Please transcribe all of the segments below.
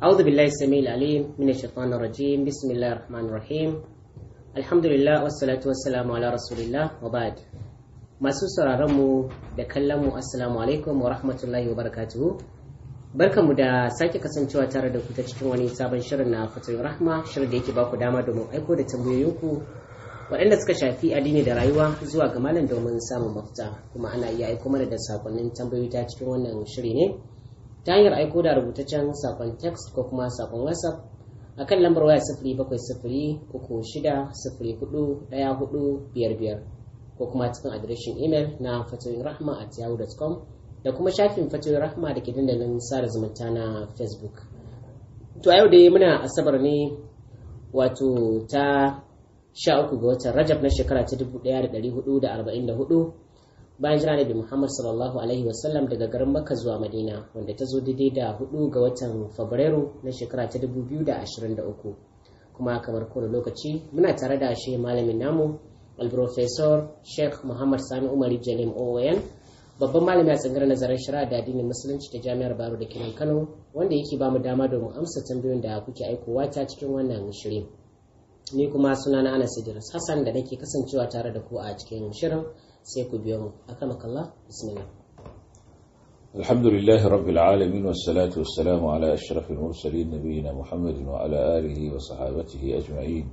أعوذ بالله السميع العليم من الشيطان الرجيم بسم الله الرحمن الرحيم الحمد لله والصلاة والسلام على رسول الله وبعد masu sauraron mu da kallon mu assalamu alaikum wa rahmatullahi wa barkamu da sake kasancewa tare da ku ta cikin wani sabon shirin na fatoyin rahma shirin da yake baku dama domin aiko da tambayoyinku waɗanda suka shafi addini da rayuwa zuwa ga malam domin samun mafita kuma ana iya aiko mana da sakonnin tambayoyi ta cikin wannan shiri ne ta hanyar aiko da rubutaccen sakon text ko kuma sakon whatsapp a kan lambar waya sifiri bakwai sifiri uku shida sifiri hudu ɗaya hudu biyar biyar ko kuma cikin adireshin imel na fatoyin rahma at yahoo.com da kuma shafin fatoyin rahma da ke dandalin sada zumunta na facebook to a yau dai muna asabar ne wato ta sha uku ga watan rajab na shekara ta dubu ɗaya da dari hudu da arba'in da hudu bayan jira da Muhammad sallallahu alaihi wasallam daga garin Makka zuwa Madina wanda ta zo daidai da hudu ga watan Fabrairu na shekara ta dubu biyu da da ashirin uku, kuma kamar kowane lokaci muna tare da shi malamin namu al-professor Sheikh Muhammad Sani Umar Jalim OON babban malami a tsangar nazarin shari'a da addinin musulunci ta jami'ar Baro da Kinan Kano wanda yake ba mu dama domin amsa tambayoyin da kuke aikowa ta cikin wannan shirin ni kuma sunana Anas Idris Hassan da nake kasancewa tare da ku a cikin shirin sai ku biyo mu akan kallah bismillah alhamdulillah rabbil alamin was salatu was salam ala ashrafil mursalin nabiyina muhammadin wa ala alihi wa sahbihi ajma'in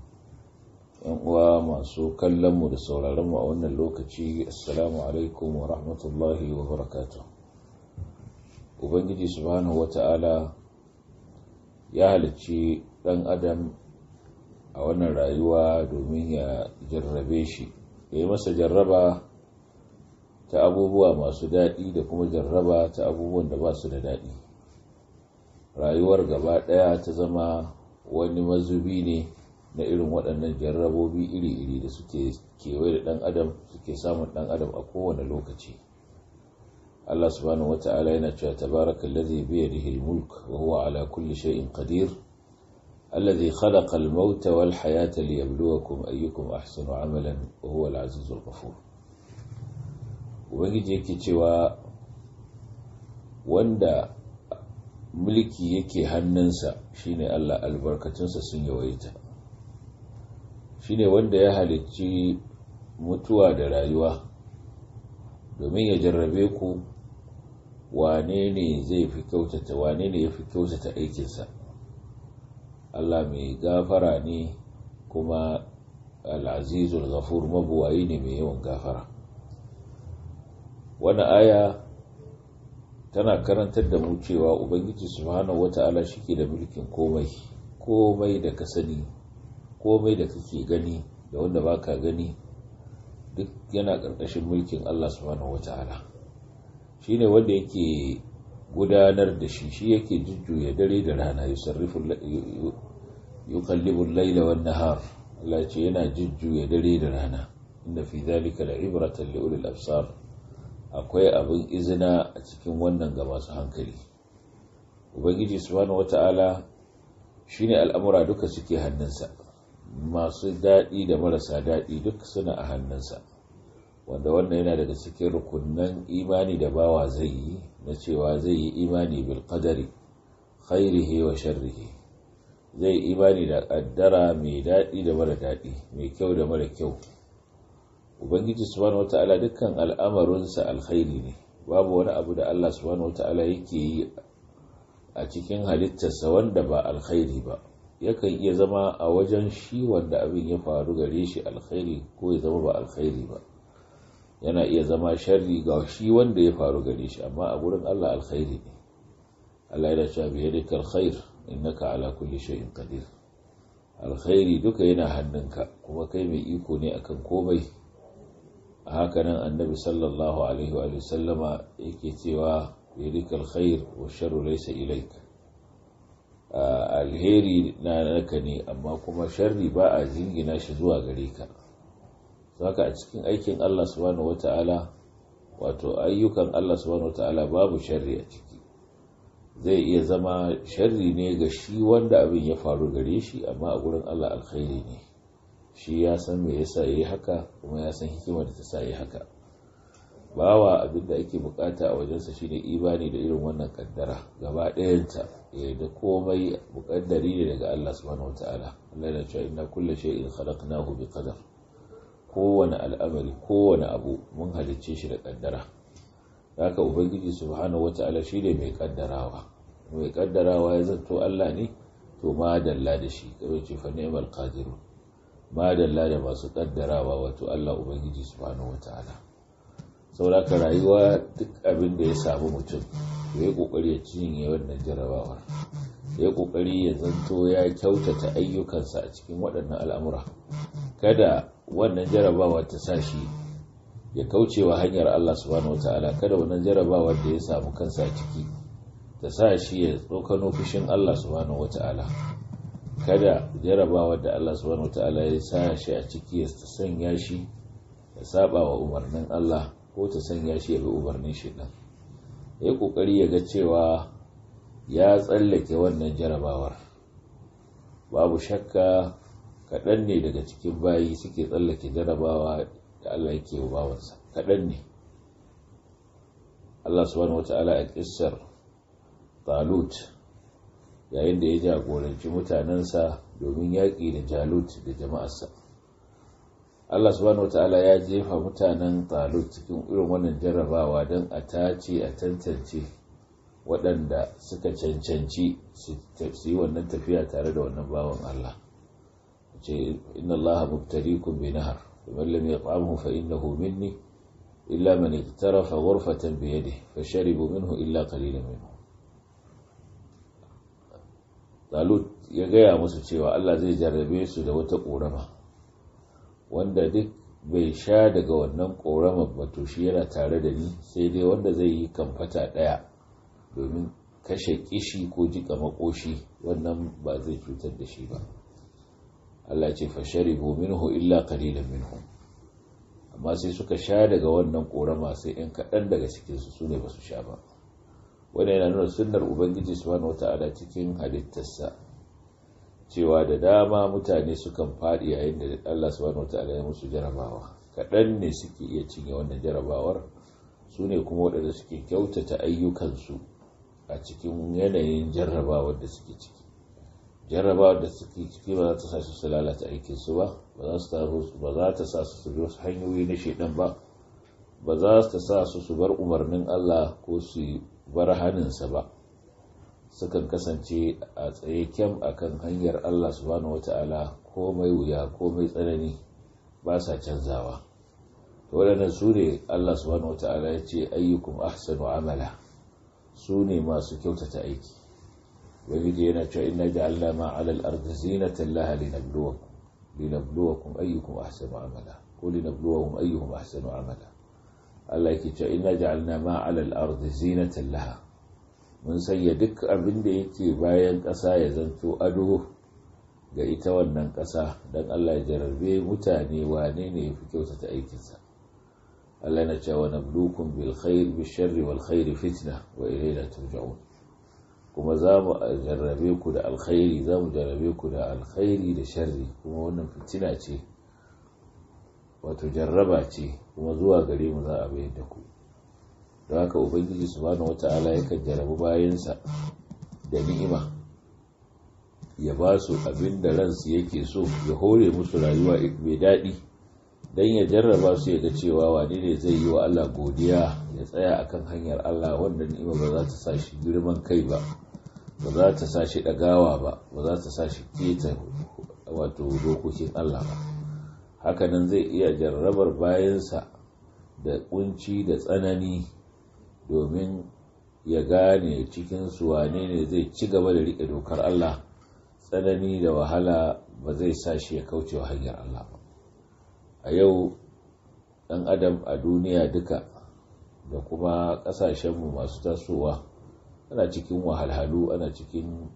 yan uwa masu kallon mu da sauraron mu a wannan lokaci assalamu alaikum wa rahmatullahi wa barakatuh ubangiji subhanahu wa ta'ala ya halacci dan adam a wannan rayuwa domin ya jarrabe shi yayin masa jarraba ta abubuwa masu daɗi da kuma jarraba ta abubuwan da ba su da daɗi rayuwar gaba ɗaya ta zama wani mazubi ne na irin waɗannan jarrabobi iri-iri da suke kewaye da ɗan adam suke samun ɗan adam a kowane lokaci Allah subhanahu wata'ala yana cewa tabarakal ladzi bi yadihi mulk wa huwa ala kulli shay'in qadir Allah khalaqa al-mauta wal hayata liyabluwakum ayyukum ahsanu amalan wa huwa al-'azizul ghafur ubangiji yake cewa wanda mulki yake hannunsa shine Allah albarkatunsa sun yawaita shine wanda ya halicci mutuwa da rayuwa domin ya jarrabe ku wane ne zai fi kyautata wane ne ya fi kyautata aikinsa Allah mai gafara ne kuma al'azizul ghafur mabuwayi ne mai yawan gafara wani aya tana karantar da mu cewa ubangiji subhanahu wata'ala shike da mulkin komai komai da ka sani komai da kake gani da wanda baka gani duk yana ƙarƙashin mulkin Allah subhanahu wata'ala ne wanda yake gudanar da shi shi yake jujjuya dare da rana yusarrifu yuqallibu al wan-nahar Allah ce yana jujjuya dare da rana inda fi zalika la'ibratan li ulil absar akwai abin izina a cikin wannan ga masu hankali ubangiji subhanahu wata'ala shine al'amura duka suke hannunsa masu daɗi da marasa daɗi duk suna a hannunsa wanda wannan yana daga cikin rukunnan imani da bawa zai yi na cewa zai yi imani bil qadari khairihi wa sharrihi zai imani da ƙaddara mai daɗi da mara daɗi mai kyau da mara kyau ubangiji subhanahu wata'ala dukkan al'amarinsa alkhairi ne babu wani abu da Allah subhanahu wata'ala yake yi a cikin halittarsa wanda ba alkhairi ba yakan iya zama a wajen shi wanda abin ya faru gare shi alkhairi ko ya zama ba alkhairi ba yana iya zama sharri ga shi wanda ya faru gare shi amma a gurin Allah alkhairi ne Allah yana cewa bi yadika alkhair innaka ala kulli shay'in qadir alkhairi duka yana hannunka kuma kai mai iko ne akan komai nan annabi sallallahu alaihi wa sallama yake cewa yadikal khair wa sharru laysa ilaik alheri na naka ne amma kuma sharri ba a jingina shi zuwa gare ka saka a cikin aikin Allah subhanahu wata'ala wato ayyukan Allah subhanahu wata'ala babu sharri a ciki zai iya zama sharri ne ga shi wanda abin ya faru gare shi amma a gurin Allah alkhairi ne shi ya san me yasa yayi haka kuma ya san hikimar da ta sa yi haka bawa abin da ake bukata a wajensa shine imani da irin wannan kaddara gaba ɗayanta eh, da komai bukaddari ne daga Allah subhanahu wataala Allah ya ce inna kulli shay'in khalaqnahu bi qadar kowane al'amari kowane abu mun halicce shi da kaddara haka ubangiji subhanahu wataala shine mai kaddarawa mai kaddarawa ya zanto Allah ne to ma dalla da shi kawai ce fa ni'mal qadirun madalla da masu kaddarawa wato Allah Ubangiji subhanahu wata'ala sauraka rayuwa duk abin da ya samu mutum ya yi kokari ya cinye wannan jarabawar ya yi kokari ya zanto ya kyautata ayyukansa a cikin waɗannan al'amura kada wannan jarabawa ta sa shi ya kaucewa hanyar Allah subhanahu wata'ala kada wannan jarabawar da ya samu kansa a ciki ta sa shi ya tsokano fushin Allah subhanahu wata'ala kada jarabawa da Allah subhanahu ta'ala ya sa shi a ciki ya sanya shi ya saba wa umarnin Allah ko ta sanya shi ya bi umarnin shi ɗan ya ƙoƙari ya ga cewa ya tsallake wannan jarabawar babu shakka kaɗan ne daga cikin bayi suke tsallake jarabawa da Allah yake wa bawansa kaɗan ne Allah subhanahu wata'ala a ƙisar talut yayin da ya jagoranci mutanensa domin yaƙi da jalut da jama'arsa Allah subhanahu wa ta'ala ya jefa mutanen talut cikin irin wannan jarrabawa don a tace a tantance waɗanda suka cancanci su yi wannan tafiya tare da wannan bawan Allah ce inna Allah mubtaliikum bi nahar man lam yat'amhu fa innahu minni illa man iktarafa ghurfatan bi yadihi fa sharibu minhu illa qalilan minhu Talut ya gaya musu cewa Allah zai jarrabe su da wata ƙorama wanda duk bai sha daga wannan ƙoraman ba to shi yana tare da ni sai dai wanda zai yi kamfata ɗaya domin kashe kishi ko jiƙa maƙoshi wannan ba zai cutar da shi ba Allah ce bu minhu illa qalilan minhu amma sai suka sha daga wannan ƙorama sai 'yan kaɗan daga cikinsu su ne ba su sha ba Wani yana nuna sunar ubangiji su wata ala cikin halittarsa cewa da dama mutane sukan faɗi yayin da Allah wata ala ya musu jarabawa kaɗan ne suke iya cinye wannan jarabawar su ne kuma waɗanda suke kyautata ayyukansu a cikin yanayin jarrabawar da suke ciki Jarabawar da suke ciki ba za ta sa su su lalata aikinsu ba ba za ta sa su su bi hanyoyi na shaidan ba ba za ta sa su su bar umarnin Allah ko su bar haninsa ba sukan kasance a tsaye kyam a kan hanyar Allah subhanahu wata'ala komai wuya komai tsanani ba sa canzawa to waɗannan su ne Allah subhanahu wata'ala ya ce ayyukum ahsanu amala su ne masu kyautata aiki ubangiji yana cewa inna ja'alna ma alal al-ardi linabluwakum ayyukum ahsanu amala ko linabluwahum ahsanu amala Allah yake cewa inna ja'alna ma 'ala al-ardi zinatan laha mun sanya duk abin da yake bayan ƙasa ya zanto ado ga ita wannan ƙasa don Allah ya jarrabe mutane wane ne ya fi kyautata aikinsa Allah na cewa na blukun bil khair bil sharri wal khairi fitna wa ilayna turja'un kuma za mu jarrabe ku da alkhairi za mu jarrabe ku da alkhairi da sharri kuma wannan fitina ce wato jarraba ce kuma zuwa gare mu za a bayar da ku don haka ubangiji subhanahu wata'ala kan jarabi bayansa da ni'ima ya ba su abin da ransu yake so ya hore musu rayuwa mai daɗi don ya jarraba su ya ga cewa wani ne zai yi wa Allah godiya ya tsaya akan hanyar Allah wanda ni'ima ba za ta sa girman kai ba ba za ta sa shi ɗagawa ba ba za ta sa shi keta wato dokokin Allah ba hakanan zai iya jarrabar bayansa da kunci da tsanani domin ya gane cikin su wane ne zai ci gaba da riƙe dokar Allah tsanani da wahala ba zai sa shi ya kauce wa hanyar Allah ba a yau ɗan adam a duniya duka da kuma ƙasashenmu masu tasowa ana cikin wahalhalu ana cikin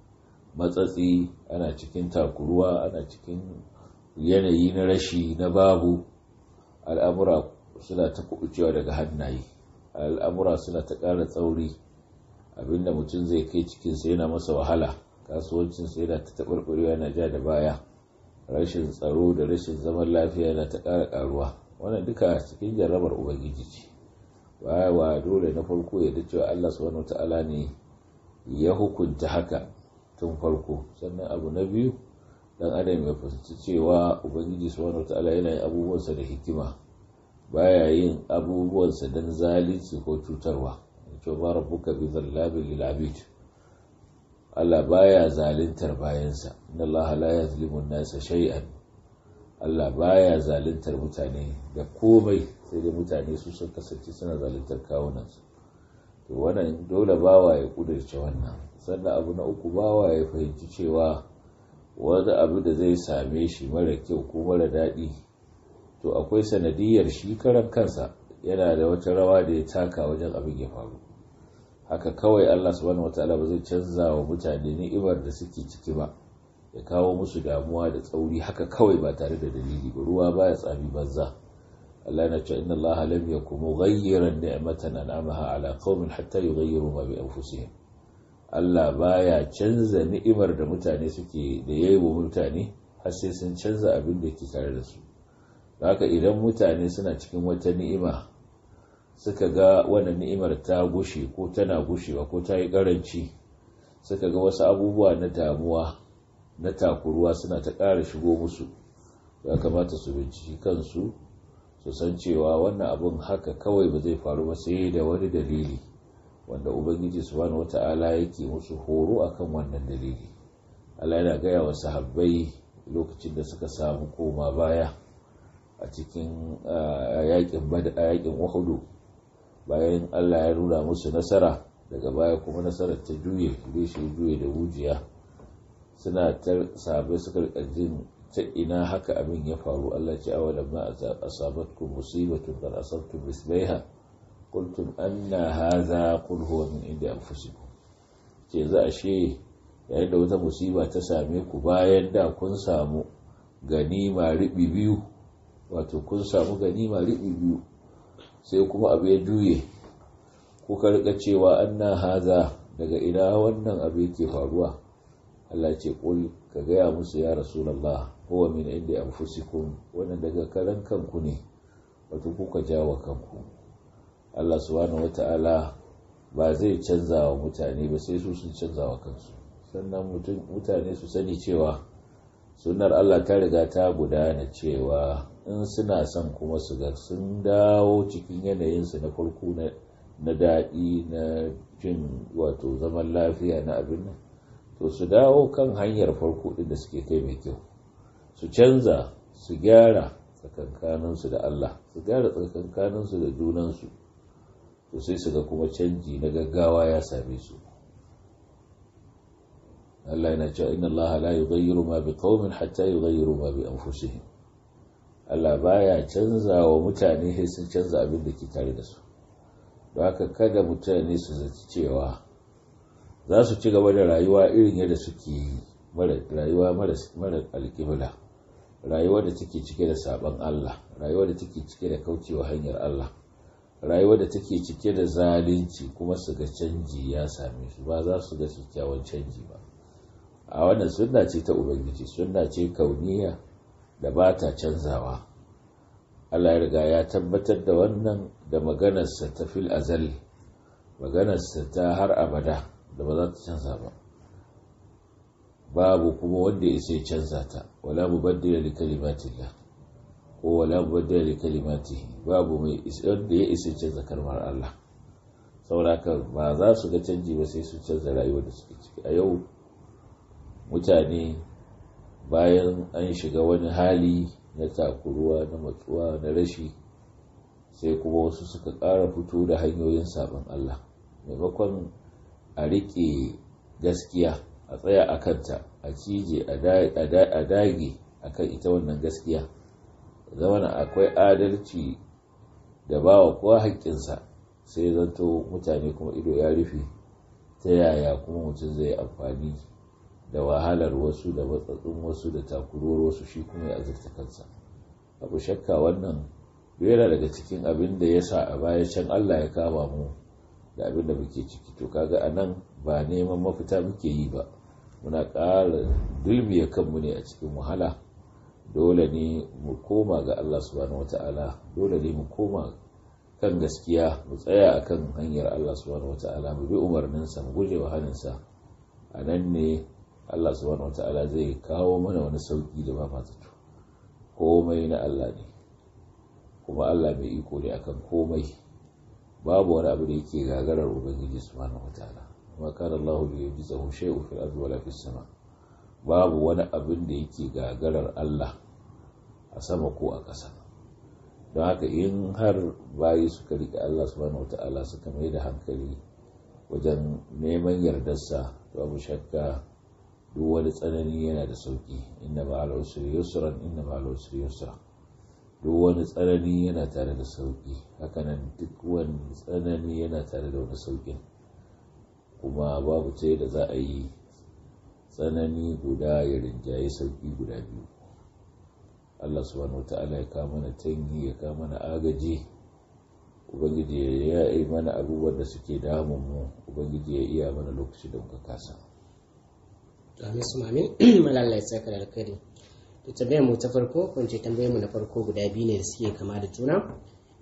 matsatsi ana cikin takuruwa ana cikin yanayi na rashi na babu al'amura suna ta kuɓucewa daga hannaye al'amura suna ta ƙara tsauri abinda mutum zai kai cikinsa yana masa wahala kasuwancinsa yana ta taɓarɓarewa yana ja da baya rashin tsaro da rashin zaman lafiya na ta ƙara ƙaruwa Wani duka cikin jarrabar ubangiji ce baya dole na farko ya da cewa allah wani ta'ala ne ya hukunta haka tun farko sannan abu na biyu dan adam ya fahimci cewa ubangiji subhanahu ta'ala yana yin abubuwansa da hikima baya yin abubuwansa dan zalunci ko cutarwa to ma rabbuka bi zallabil lil abid Allah baya zaluntar bayansa inna Allah la yazlimu an-nasa shay'an Allah baya zaluntar mutane da komai sai dai mutane su sun kasance suna zaluntar kawunansu to wannan dole bawa ya kudurce wannan sannan abu na uku bawa ya fahimci cewa wani abu da zai same shi mara kyau ko mara daɗi to akwai sanadiyar shi karan kansa yana da wata rawa da ya taka wajen abin ya faru haka kawai Allah subhanahu wataala ba zai canza wa mutane ni'imar da suke ciki ba ya kawo musu damuwa da tsauri haka kawai ba tare da dalili ba ruwa ba ya tsami banza Allah na ce inna Allah lam yakum mughayyiran ni'matan an'amaha ala qaumin hatta yughayyiru ma bi anfusihim Allah baya canza ni'imar da mutane suke da yayi wa mutane har sai sun canza abin da yake tare da su haka idan mutane suna cikin wata ni'ima suka ga wannan ni'imar ta gushe ko tana gushewa ko ta yi karanci suka ga wasu abubuwa na damuwa na takuruwa suna ta ƙara shigo musu ya kamata su binciki kansu su san cewa wannan abin haka kawai ba zai faru ba sai da wani dalili wanda ubangiji subhanahu wata'ala yake musu horo akan wannan dalili Allah yana gaya wa sahabbai lokacin da suka samu koma baya a cikin yakin yakin bayan Allah ya nuna musu nasara daga baya kuma nasarar ta juye shi juye da wujiya suna ta sabai suka rika ta ina haka abin ya faru Allah ce awalan ma asabatkum musibatun qad asabtum misliha kultum anna haza qul huwa min indi anfusikum ce za a she yayin da wata musiba ta same ku bayan da kun samu ganima ribi biyu wato kun samu ganima ribi biyu sai kuma abu ya juye kuka rika cewa anna haza daga ina wannan abu yake faruwa Allah ce kul ka gaya musu ya rasulullah huwa min indi anfusikum wannan daga karan kanku ne wato kuka jawa kanku Allah subhanahu wata'ala ba zai canza wa mutane ba sai su sun canza wa kansu sannan mutane su sani cewa sunar Allah ta riga ta gudana cewa in suna son kuma su ga sun dawo cikin yanayinsu na farko na daɗi na jin wato zaman lafiya na abin nan to su dawo kan hanyar farko ɗin da suke kai mai kyau su canza su gyara tsakankaninsu da Allah su gyara tsakankaninsu da junansu to sai su ga kuma canji na gaggawa ya same su Allah yana cewa inna Allah la yughayyiru ma biqaumin hatta yughayyiru ma bi anfusihim Allah baya canza wa mutane sai sun canza abin da ke tare da su don haka kada mutane su zaci cewa za su ci gaba da rayuwa irin yadda suke yi rayuwa mara alkibla rayuwa da take cike da sabon Allah rayuwa da take cike da kaucewa hanyar Allah rayuwar da take cike da zalunci kuma su ga canji ya same su ba za su ga kyakkyawan canji ba a wannan sunna ce ta ubangiji sunna ce kauniya da ba ta canzawa Allah ya riga ya tabbatar da wannan da maganarsa ta fil azal maganarsa ta har abada da ba za ta canza ba babu kuma wanda ya sai canza ta wala mubaddila li kalimatillah ko wala budda li kalimati babu mai isar da ya isa canza kalmar Allah sauraka ba za su ga canji ba sai su canza rayuwar da suke ciki a yau mutane bayan an shiga wani hali na takuruwa na matsuwa na rashi sai kuma wasu suka ƙara fito da hanyoyin sabon Allah maimakon a riƙe gaskiya a tsaya a kanta a cije a dage a kan ita wannan gaskiya zamana akwai adalci da ba wa kowa haƙƙinsa sai zanto mutane kuma ido ya rufe ta yaya kuma mutum zai amfani da wahalar wasu da matsatsun wasu da takuruwar wasu shi kuma ya azurta kansa abu shakka wannan yana daga cikin abin da ya sa a baya can allah ya kama mu da abin da muke ciki to kaga a nan ba neman mafita muke yi ba muna ƙara dulmiya kanmu ne a cikin wahala dole ne mu koma ga Allah subhanahu wata'ala dole ne mu koma kan gaskiya mu tsaya akan hanyar Allah subhanahu wata'ala mu bi umarninsa mu guje wa haninsa a nan ne Allah subhanahu wata'ala zai kawo mana wani sauki da ba zato komai na Allah ne kuma Allah mai iko ne akan komai babu wani abu da yake gagarar ubangiji subhanahu wata'ala kuma kana ya bi yajzahu shay'un fil ardi wala fis sama' babu wani abin da yake gagarar Allah a sama ko a ƙasa don haka in har bayi suka riƙe Allah subhanahu wata'ala suka mai da hankali wajen neman yardarsa ba mu shakka duk wani tsanani yana da sauƙi inna ba usri yusra inna ma'al usri yusra duk wani tsanani yana tare da sauƙi hakanan duk wani tsanani yana tare da wani sauƙin kuma babu ce da za a yi tsanani guda ya rinjaye sauki guda biyu Allah subhanahu wata'ala ya kama na tanyi ya kama na agaji ubangiji ya yi mana abubuwan da suke damun mu ubangiji ya iya mana lokaci da muka kasa amin su mamin malalla ya saka da alkari to tambayar mu ta farko kun ce tambayar mu na farko guda biyu ne da suke kama da juna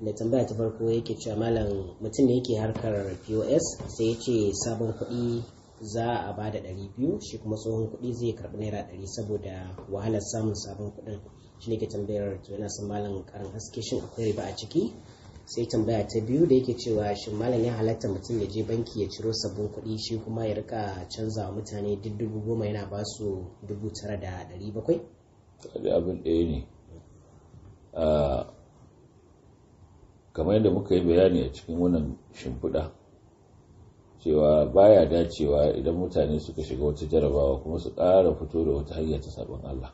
da tambaya ta farko yake cewa malam mutum ne yake harkar pos sai ya ce sabon kuɗi za a ba da ɗari biyu shi kuma tsohon kuɗi zai karɓi naira ɗari saboda wahalar samun sabon kuɗin shi ne ke tambayar to yana son malam karin haske shin akwai riba a ciki sai tambaya ta biyu da yake cewa shin malam ya halatta mutum ya je banki ya ciro sabon kuɗi shi kuma ya rika canza wa mutane duk dubu goma yana ba su dubu tara da ɗari bakwai? abin ɗaya ne. Ah, kamar yadda muka yi bayani a cikin wannan shimfiɗa cewa baya dacewa idan mutane suka shiga wata jarabawa kuma su ƙara fito da wata hanyar ta sabon Allah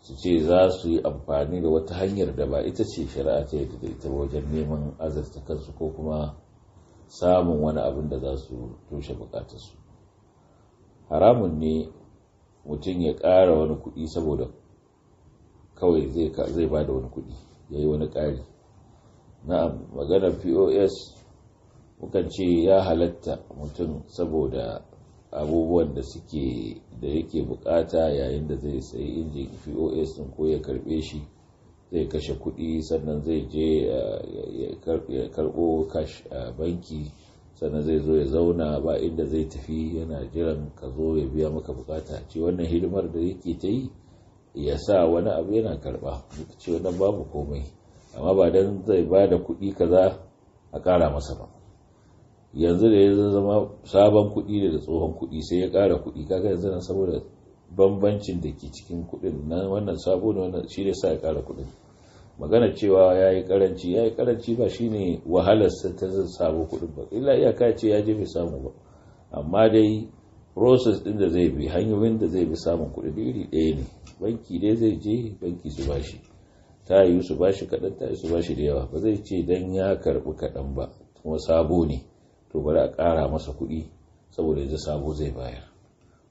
su ce za su yi amfani da wata hanyar da ba ita ce shari'a ta yadda da ita wajen neman azarta kansu ko kuma samun wani abin da za su toshe bukatarsu haramun ne mutum ya ƙara wani kuɗi saboda kawai zai ba da wani kuɗi ya yi wani ƙari na'am maganar pos mukan ce ya halatta mutum saboda abubuwan da suke da yake bukata yayin da zai sayi injin pos din ko ya karbe shi zai kashe kudi sannan zai je ya karbo cash a banki sannan zai zo ya zauna ba inda zai tafi yana jiran ka zo ya biya maka bukata ce wannan hidimar da yake ta yi ya sa wani abu yana karba ce wannan babu komai amma ba don zai ba da kuɗi kaza a kara masa ba yanzu da ya zama sabon kuɗi da da tsohon kuɗi sai ya ƙara kuɗi kaga yanzu nan saboda bambancin da ke cikin kuɗin na wannan sabo ne wannan shi ne sa ya ƙara kuɗin magana cewa ya yi ƙaranci ya yi ƙaranci ba shi ne wahalar ta zan sabo kuɗin ba illa iyaka ce ya je bai samu ba amma dai process ɗin da zai bi hanyoyin da zai bi samun kuɗi iri ɗaya ne banki dai zai je banki su bashi ta yi su bashi kaɗan ta yi su bashi da yawa ba zai ce dan ya karɓi kaɗan ba kuma sabo ne to bari a ƙara masa kuɗi saboda yanzu sabo zai bayar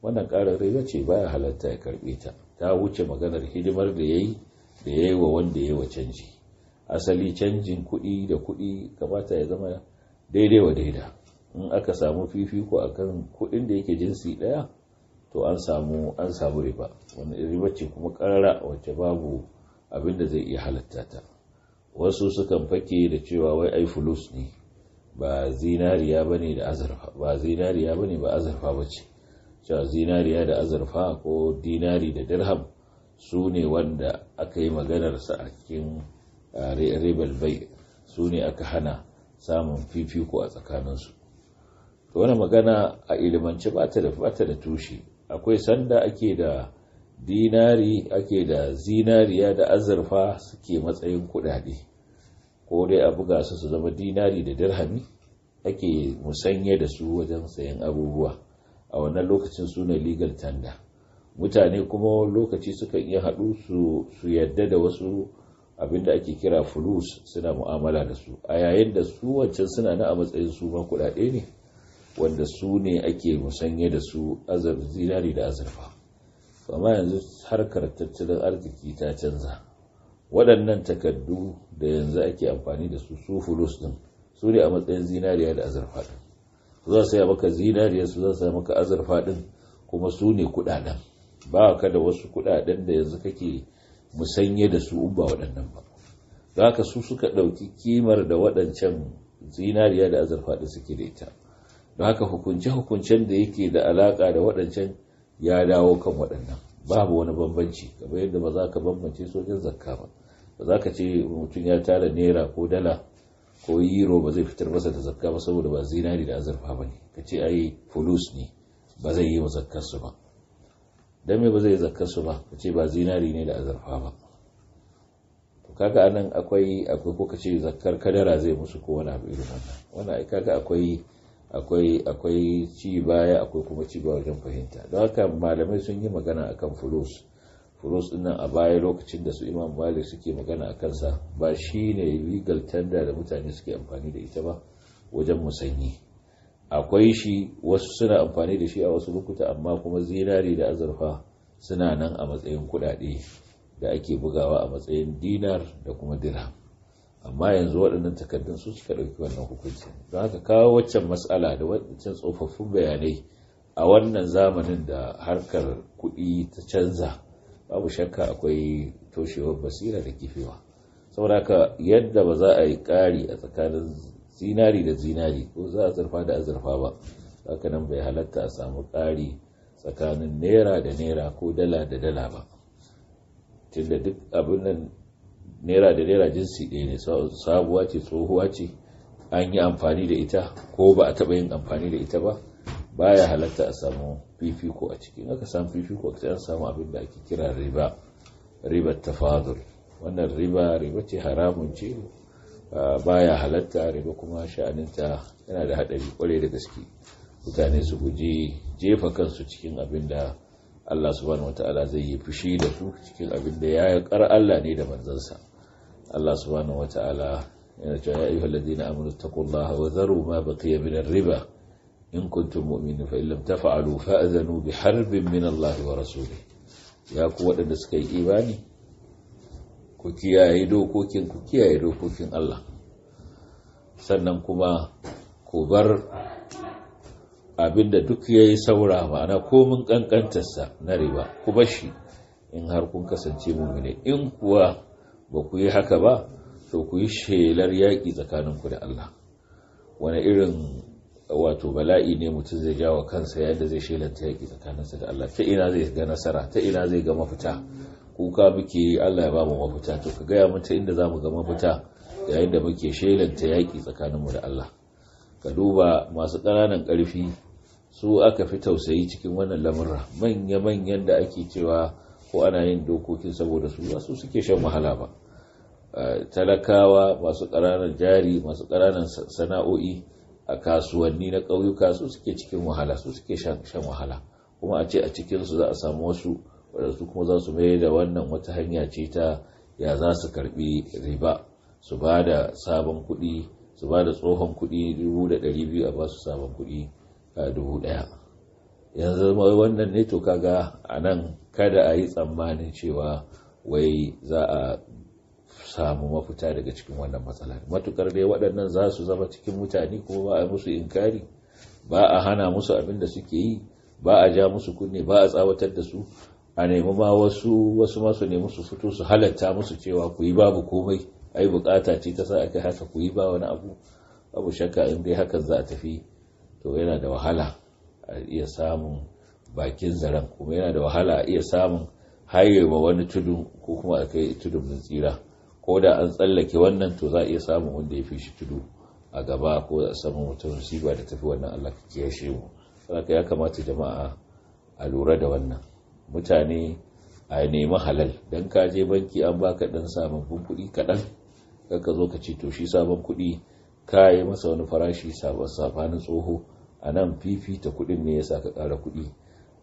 wannan ƙarar riba ce baya halatta ya karɓe ta ta wuce maganar hidimar da ya yi da ya yi wa wanda ya yi wa canji asali canjin kuɗi da kuɗi kamata ya zama daidai wa daida in aka samu fifiko a kan kuɗin da yake jinsi ɗaya to an samu an samu riba wani riba ce kuma ƙarara wacce babu abin da zai iya halatta ta wasu sukan fake da cewa wai ai fulus ne ba zinariya ne da azurfa ba zinariya ne ba azurfa ce cewa zinariya da azurfa ko dinari da dirham su ne wanda aka yi maganarsa a cikin ribal bai su ne aka hana samun fifiko a tsakaninsu to wani magana a ilimance ba ta da da tushe akwai sanda ake da dinari ake da zinariya da azurfa suke matsayin kuɗaɗe ko dai a buga su su zama dinari da dirhami ake musanye da su wajen sayan abubuwa a wannan lokacin su ne legal tender mutane kuma lokaci sukan iya haɗu su yadda da wasu abinda ake kira fulus suna mu'amala da su a yayin da su wancan suna na a matsayin su ma kuɗaɗe ne wanda su ne ake musanye da su zinari da azurfa amma yanzu harkar tattalin arziki ta canza waɗannan takardu da yanzu ake amfani da su su fulus ɗin su ne a matsayin zinariya da azurfa su za su yi maka zinariya su za su yi maka azurfa ɗin? kuma su ne kuɗaɗen ba ka da wasu kuɗaɗen da yanzu kake musanye da su in ba waɗannan ba za ka su suka ɗauki kimar da waɗancan zinariya da azurfa ɗin suke da ita da haka hukunce-hukuncen da yake da alaƙa da waɗancan ya dawo kan waɗannan babu wani bambanci kamar yadda ba za ka bambance sojin zakka ba ba za ka ce mutum ya tara naira ko dala ko euro ba zai fitar masa da zakka ba saboda ba zinari da azurfa ba ne ka ce ai fulus ne ba zai yi wa ba don me ba zai su ba ka ce ba zinari ne da azurfa ba to kaga anan akwai akwai ko ka ce zakkar kadara zai musu ko wani abu irin wannan wannan kaga akwai akwai akwai ci baya akwai kuma ci baya wajen fahimta don haka malamai sun yi magana akan fulus furus dinnan a baya lokacin da su imam malik suke magana a kansa ba shi ne legal tender da mutane suke amfani da ita ba wajen musanyi akwai shi wasu suna amfani da shi a wasu lokuta amma kuma zinari da azurfa suna nan a matsayin kuɗaɗe da ake bugawa a matsayin dinar da kuma dirham amma yanzu waɗannan takardun su suka ɗauki wannan hukunci don haka kawo waccan matsala da wancan tsofaffin bayanai a wannan zamanin da harkar kuɗi ta canza babu shakka akwai toshewar basira da kifewa saboda ka yadda ba za a yi ƙari a tsakanin zinari da zinari ko za a zarfa da azurfa ba haka nan bai halatta a samu ƙari tsakanin naira da naira ko dala da dala ba tunda duk abin nan naira da naira jinsi ɗaya ne sabuwa ce tsohuwa ce an yi amfani da ita ko ba a taɓa yin amfani da ita ba baya halatta a samu fifiko a ciki aka samu fifiko a an samu abin da ake kira riba ribar tafadul wannan riba riba ce haramun ce baya halatta riba kuma sha'aninta yana da haɗari kwarai da gaske mutane su guji jefa kansu cikin abin da Allah subhanahu wata'ala zai yi fushi da su cikin abin da ya kar Allah ne da manzansa Allah subhanahu wata'ala yana cewa ya ayyuhal ladina amanu taqullaha wa dharu ma baqiya min riba in kuntum mu'minin fa illam taf'alu fa'zanu bi harbin min Allah wa rasulih ya ku waɗanda suka yi imani ku kiyaye dokokin ku kiyaye dokokin Allah sannan kuma ku bar abinda duk yayi saura ma'ana komin kankantarsa na riba ku shi in har kun kasance muminai. in kuwa ba ku yi haka ba to ku yi shelar yaƙi tsakaninku da Allah wani irin wato bala'i ne mutum zai jawo kansa yadda zai shelanta yaƙi tsakaninsa da Allah ta ina zai ga nasara ta ina zai ga mafita kuka muke Allah ya bamu mafita to ka gaya mu inda za mu ga mafita yayin da muke shelanta yaƙi tsakaninmu da Allah ka duba masu ƙananan ƙarfi su aka fi tausayi cikin wannan lamurra manya-manyan da ake cewa ko ana yin dokokin saboda su ba su suke shan wahala ba eh, talakawa masu ƙananan jari masu ƙananan sana'o'i a kasuwanni na ƙauyuka su suke cikin wahala su suke shan wahala kuma a ce a cikinsu za a samu wasu wadda kuma za su mai da wannan wata hanya ce ta ya za su karbi riba su ba da sabon kuɗi su ba da tsohon kuɗi dubu a ba su sabon kuɗi dubu ɗaya yanzu wannan ne to kaga a nan kada a yi tsammanin cewa wai za a samu mafita daga cikin wannan matsalar matukar dai waɗannan za su zama cikin mutane kuma ba a musu inkari ba a hana musu abin da suke yi ba a ja musu kunne ba a tsawatar da su a nemi ma wasu wasu masu nemi su fito su halatta musu cewa ku yi babu komai ai bukata ce ta sa aka haka ku yi ba wani abu abu shakka in dai hakan za a tafi to yana da wahala a iya samun bakin zaren kuma yana da wahala a iya samun hayewa wani tudu ko kuma a kai tudun tsira ko da an tsallake wannan to za a iya samun wanda ya fi shi tudu a gaba ko a saman mutum musiba da tafi wannan Allah ka kiyashe mu saboda ya kamata jama'a a lura da wannan mutane a nemi halal dan ka je banki an baka dan sababbin kuɗi kaɗan kan ka zo ka ce to shi sabon kuɗi ka yi masa wani farashi sabanin tsoho a nan fifita kuɗin ne ya sa ka ƙara kuɗi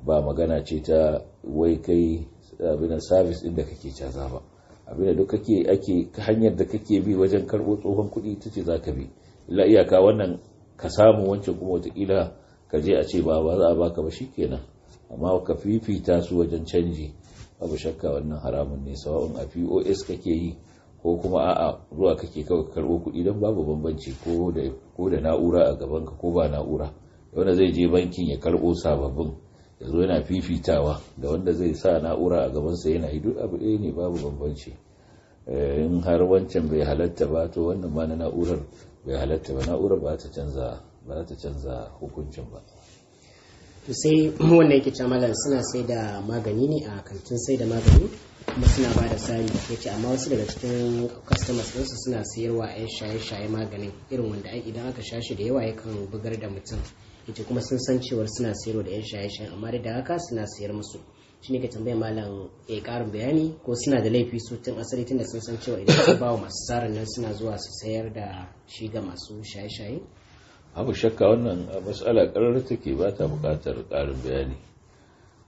ba magana ce ta wai kai abinan sabis ɗin da kake caza ba abin da duk ake hanyar da kake bi wajen karɓo tsohon kuɗi ita ce za ka bi illa iyaka wannan ka samu wancan kuma wataƙila ka je a ce ba ba za a baka ba shi kenan amma ka fifita su wajen canji abu shakka wannan haramun ne sawa'un a pos kake yi ko kuma a'a zuwa kake kawai karɓo kuɗi don babu bambanci ko da na'ura a gabanka ko ba na'ura wanda zai je bankin ya karɓo sababbin ya zo yana fifitawa da wanda zai sa na'ura a gabansa yana yi duk abu ɗaya ne babu bambanci eh, in har wancan bai halatta ba to wannan ma na na'urar bai halatta ba na'urar ba ta canza ba ta canza hukuncin ba to sai wannan yake cewa malam suna sai da magani ne a kantin sai da magani kuma suna ba da sari yace amma wasu daga cikin customers ɗinsu suna sayarwa 'yan shaye-shaye maganin irin wanda idan aka sha shi da yawa yakan bugar da mutum ita kuma sun san cewar suna sayarwa da 'yan shaye-shayen amma da haka suna sayar musu shi ne ka tambaya malam ya eh, karin bayani ko suna da laifi su tun asali tun da sun san cewa idan sun bawa masu tsarin nan suna zuwa su sayar da shi ga masu shaye-shaye abu shakka wannan matsala karar take ba ta buƙatar ƙarin bayani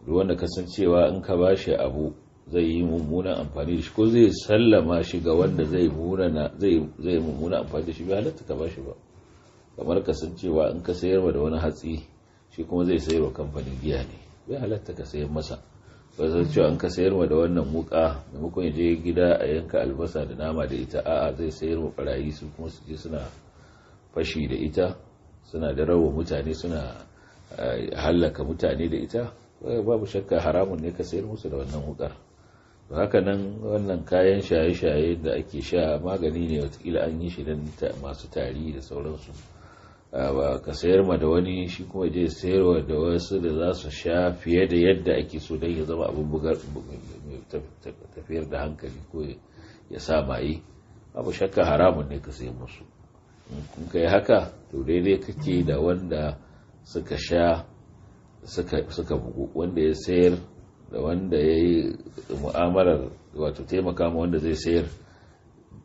wanda cewa in ka ba shi abu zai yi mummunan amfani da shi ko zai sallama shi ga wanda zai mummuna amfani da shi bai halatta ka ba shi ba kamar ka san cewa in ka wa da wani hatsi shi kuma zai sayar wa kamfanin giya ne bai halatta ka sayar masa ba cewa in ka wa da wannan wuka maimakon ya je gida a yanka albasa da nama da ita a'a zai sayar wa barayi su kuma su je suna fashi da ita suna da rawa mutane suna eh, hallaka mutane da ita eh, babu shakka haramun ne ka sayar musu da wannan wukar haka nan wannan kayan shaye-shaye da ake sha magani ne watakila an yi shi don masu tari da sauransu ka sayar ma da wani shi kuma je sayarwa da wasu da za su sha fiye da yadda ake so don ya zama abin bugar tafiyar da hankali ko ya sa yi. abu shakka haramun ne ka sayi musu in ka yi haka to daidai kake da wanda suka sha suka bugu wanda ya sayar da wanda ya yi mu'amalar wato taimaka ma wanda zai sayar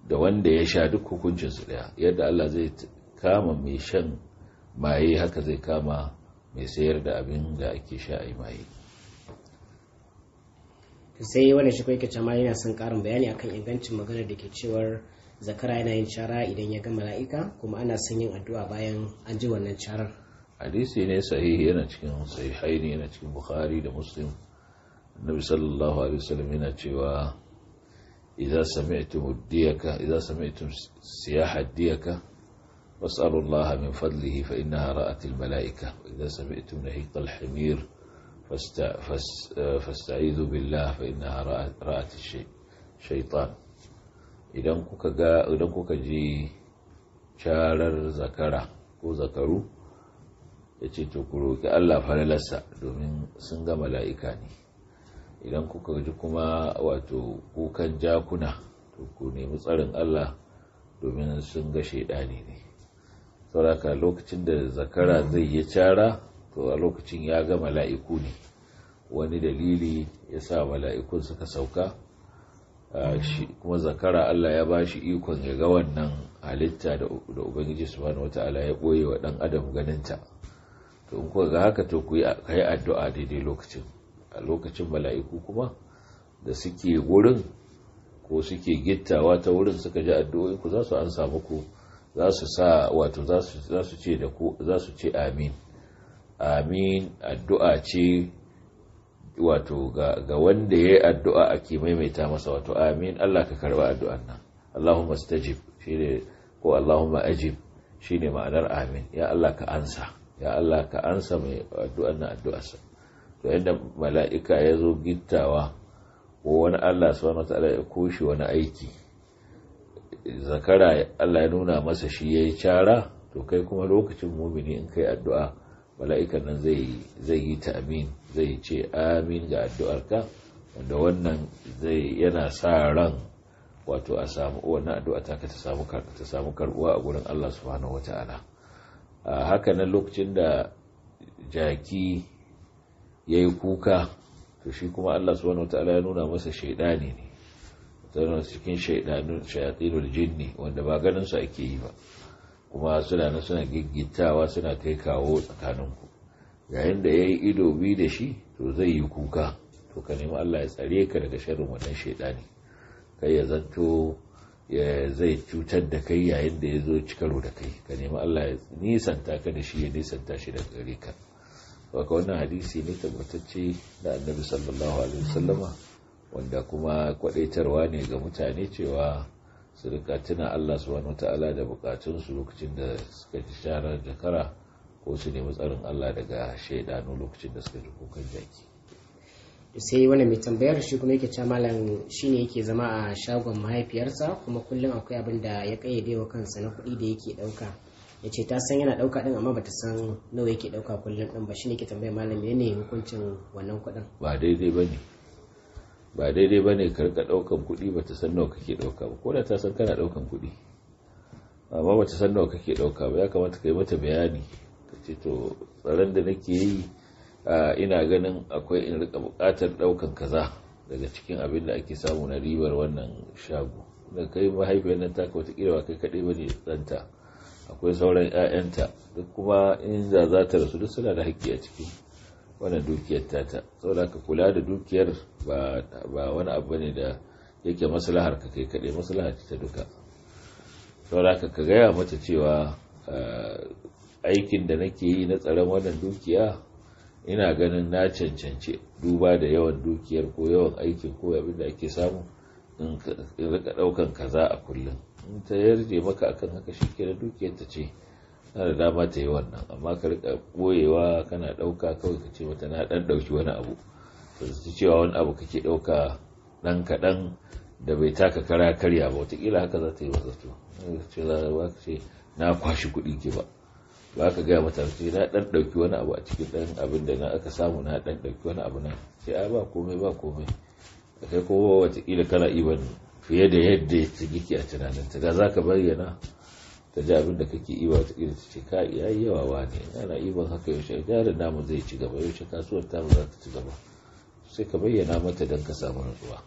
da wanda ya sha duk hukuncinsu daya yadda Allah zai kama mai shan maye haka zai kama mai sayar da abin da ake sha a maye sai wani shi kwaike ma yana son karin bayani akan ingancin maganar da ke cewar zakara yana yin cara idan ya ga mala'ika kuma ana son yin addu'a bayan an ji wannan carar hadisi ne sahihi yana cikin ne yana cikin bukhari da muslim annabi sallallahu alaihi wasallam yana cewa idza sami'tum diyaka idza sami'tum diyaka واسألوا الله من فضله فإنها رأت الملائكة وإذا سمعتم نهيق الحمير فاستع... فاس... فاستعيذوا بالله فإنها رأت, رأت الشيء idan kuka ga idan ji charar zakara ko zakaru yace to ku roki Allah lalasa domin sun ga mala'ika ne idan kuka ji kuma wato kukan jakuna to ku nemi tsarin Allah domin sun ga shaidani ne sauraka lokacin da zakara mm. zai yi cara to a lokacin ya ga mala'iku ne wani dalili ya sa mala'ikun suka sauka kuma zakara Allah ya ba shi ikon ya ga wannan halitta da Ubangiji su wata wata'ala ya ɓoye wa ɗan adam ganinta to in kuwa ga haka to ku yi addu'a daidai lokacin a lokacin mala'iku kuma da suke wurin ko suke gittawa ta wurin suka ji addu'o'inku za su an samu ku za su sa wato za su ce da ku za su ce amin amin addu'a ce wato ga wanda ya yi addu'a ake maimaita masa wato amin Allah ka karba addu'an nan Allahumma stajib shine ko Allahumma ajib shine ma'anar amin ya Allah ka ansa ya Allah ka ansa mai addu'an nan addu'arsa to yadda mala'ika ya zo gittawa ko wani Allah subhanahu wa ta'ala ya koshi wani aiki zakara Allah ya nuna masa shi ya yi cara to kai kuma lokacin mumini in kai addu'a mala'ikan nan zai yi ta amin zai ce amin ga ka. wanda wannan zai yana sa ran wato a samu wannan addu'a ta ta samu karbuwa a gurin Allah subhanahu wata'ala haka nan lokacin da jaki ya yi kuka to shi kuma Allah subhanahu wata'ala ya nuna masa shaidani ne suna cikin shaidanun shayatinul jinni wanda ba ganin su ake yi ba kuma suna na suna giggitawa suna kai kawo tsakaninku yayin da ya yi ido bi da shi to zai yi kuka to ka nemi Allah ya tsare ka daga sharrin wannan shaidani kai ya zanto ya zai cutar da kai yayin da ya zo ci da kai ka nemi Allah ya nisanta ka da shi ya nisanta shi daga gare ka baka wannan hadisi ne tabbatacce da annabi sallallahu alaihi wasallama wanda kuma kwadaitarwa ne ga mutane cewa su rika tuna Allah subhanahu ta'ala da bukatunsu lokacin da suka ji sharar jakara ko su nemi tsarin Allah daga shaidanu lokacin da suka ji kukan jaki sai wani mai tambayar shi kuma yake ce malam shine yake zama a shagon mahaifiyarsa kuma kullum akwai abin da ya kayyade wa kansa na kuɗi da yake dauka ya ce ta san yana dauka din amma bata san nawa yake dauka kullum din ba shine yake tambayar malam ne hukuncin wannan kuɗin ba daidai ba ne ba daidai ba ne karka daukan kudi ba ta san nawa kake dauka ba ko da ta san kana ɗaukan kuɗi amma ba ta san nawa kake dauka ba ya kamata ka yi mata bayani ka ce to tsaron da nake yi ina ganin akwai in rika daukan ɗaukan kaza daga cikin abin da ake samu na ribar wannan shago da kai mahaifiyar nan taka watakila ba kai kaɗai ba ne ɗanta akwai sauran 'ya'yanta duk kuma in za za ta rasu duk suna da hakki a cikin wannan dukiyar tata saboda ka kula da dukiyar ba wani abu ne da yake maslahar ka kai kaɗai maslahar ta duka saboda ka gaya mata cewa eh, aikin da nake yi na tsaron wannan dukiya ina ganin na cancance duba da yawan dukiyar ko yawan aikin ko abin da ake samu in rika daukan kaza a kullum in ta yarje maka akan haka shi ke da dukiyar ta ce na da dama ta yi wannan amma ka rika boyewa kana ɗauka kawai ka ce mata na ɗan ɗauki wani abu su cewa wani abu kake ɗauka ɗan kaɗan da bai taka kara karya ba watakila haka za ta yi wazato ce ba ka ce na kwashi kuɗi ki ba ba ka gaya mata ce na ɗan ɗauki wani abu a cikin ɗan abin da na aka samu na ɗan ɗauki wani abu nan sai a ba komai ba komai kai kuma watakila kana iban fiye da yadda ya ci giki a tunaninta ga za ka bayyana ta ji abin da kake iba watakila ta ce ka iya yawa ne ana iban haka yaushe da namu zai ci gaba yaushe kasuwar tamu za ta ci gaba sai ka bayyana mata don ka samu nutsuwa